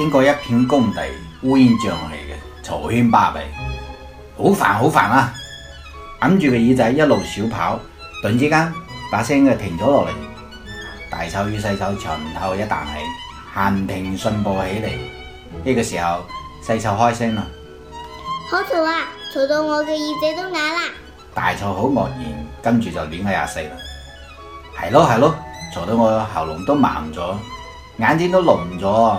經過一片工地，烏煙瘴氣嘅，嘈喧巴閉，好煩好煩啊。揞住個耳仔一路小跑，突然之間把聲就停咗落嚟。大臭與細臭前後一彈起，閒庭信步起嚟。呢、這個時候，細臭開聲啦。好嘈啊！嘈到我嘅耳仔都啞啦。大臭好愕、呃、然，跟住就亂噏廿四啦。係咯係咯，嘈到我喉嚨都盲咗，眼睛都聾咗。